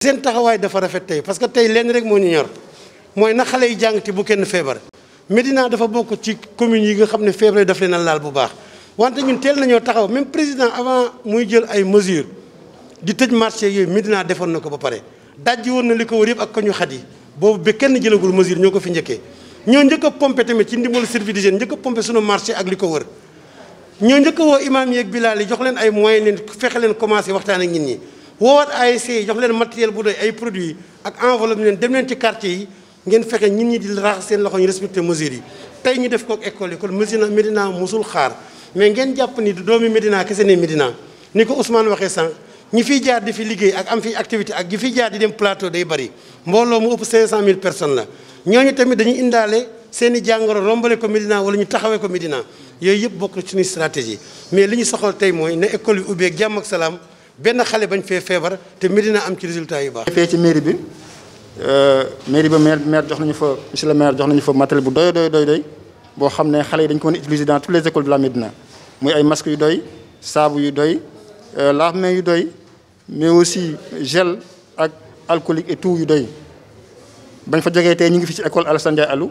seen taxawaay dafa rafet tey parce que tey lenn rek moo ñu ñor mooy na xale yi jàng te bu kenn feebar Médina dafa bokk ci commune yi nga xam ne feebar daf leen a laal bu baax wante ñun teel nañoo taxaw même président avant muy jël ay mesures di tëj marché yooyu Médina defoon na ko ba pare daj woon na li ko wër yëpp ak ko ñu xat yi boobu ba kenn jëlagul mesure ñoo ko fi njëkkee ñoo njëkk pompe pompé tamit ci ndimbal service d'hygiène njëkk a pompé sunu marché ak li ko wër ñoo njëkk woo imaam yeeg bilaal yi jox leen ay moyens leen fexe leen commencé waxtaan ak nit ñi woowaat ASC yi jox leen matériel bu doy ay produit ak enveloppe leen dem leen ci quartier yi ngeen fexe nit ñi di raxas seen loxo ñu respecté mesures yi tey ñu def kook école yi kon Médina Médina mosul xaar mais ngeen jàpp ni du doomi Médina kese ne Médina ni ko Ousmane waxee sànq ñi fi jaar di fi liggéey ak am fi activité ak ñi fi jaar di dem plateau day bari mbooloo mu ëpp 500000 personnes la ñooñu tamit dañuy indaale seen jàngoro rombale ko Médina wala ñu taxawé ko Médina yoy yëpp bokku ci ni stratégie mais li ñu soxal tey mooy na école ubé jàmm ak salam ben xale bañ fé fébar te Médina am ci résultat yu baax. fé ci mairie bi euh mairie ba maire maire jox nañu fa monsieur le maire jox nañu fa matériel bu doy doy doy doy bo xamné xale dañ ko wone utiliser dans toutes les écoles de la Médina muy ay masque yu doy sabu yu doy lave-mains yu doy mais aussi gel ak alcoolique et tout yu doy bañ fa jógee té ñu ngi fi ci école Alassane Ndiaye Alou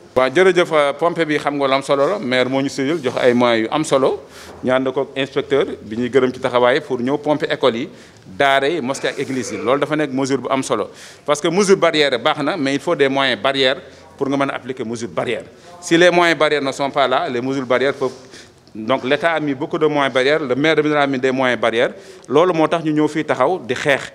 waaw jërëjëf euh, pompe bi xam nga lu solo la maire moo ñu jox ay moyens am solo ñu ànd ko inspecteur bi ñuy gërëm ci taxawaay pour ñëw pompe école yi daara yi mosquée ak église yi loolu dafa nekk mesure bu am solo parce que mesure barrière baax na mais il faut des moyens barrières pour nga mën a appliquer mesure barrière si les moyens barrières ne sont pas là les mesures barrières peuvent donc l'État a mis beaucoup de moyens barrières le maire de Médina a mis des moyens barrières loolu moo tax ñu ñëw fii taxaw di xeex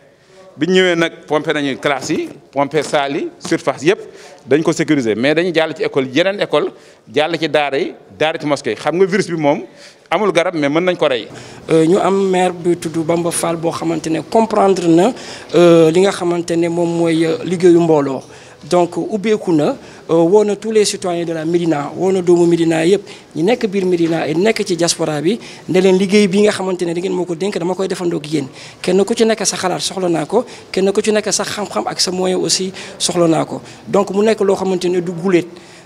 biñ ñëwee nag pompé nañu classe yi pompé salle surface yëpp dañ ko sécuriser mais dañu jàll ci école yeneen école jàll ci daara yi daara ci mosque xam nga virus bi moom amul garab mais mën nañ ko rey. Euh, ñu am maire bi tudd Bamba Fall boo xamante ne comprendre na euh, li nga xamante ne moom mooy euh, liggéeyu mbooloo. donc ubbeeku euh, na tous les citoyens de la Medina woo na doomu Medina yep ñi nek bir Medina et nek ci diaspora bi ne leen liggéey bi nga xamantene ne da ngeen moo ko dama koy defandoo ak yéen kenn ku ci nek sa xalaat soxla naa ko kenn ku ci nek sa xam-xam ak sa moyen aussi soxlo nako donc mu nek lo xamantene du guléet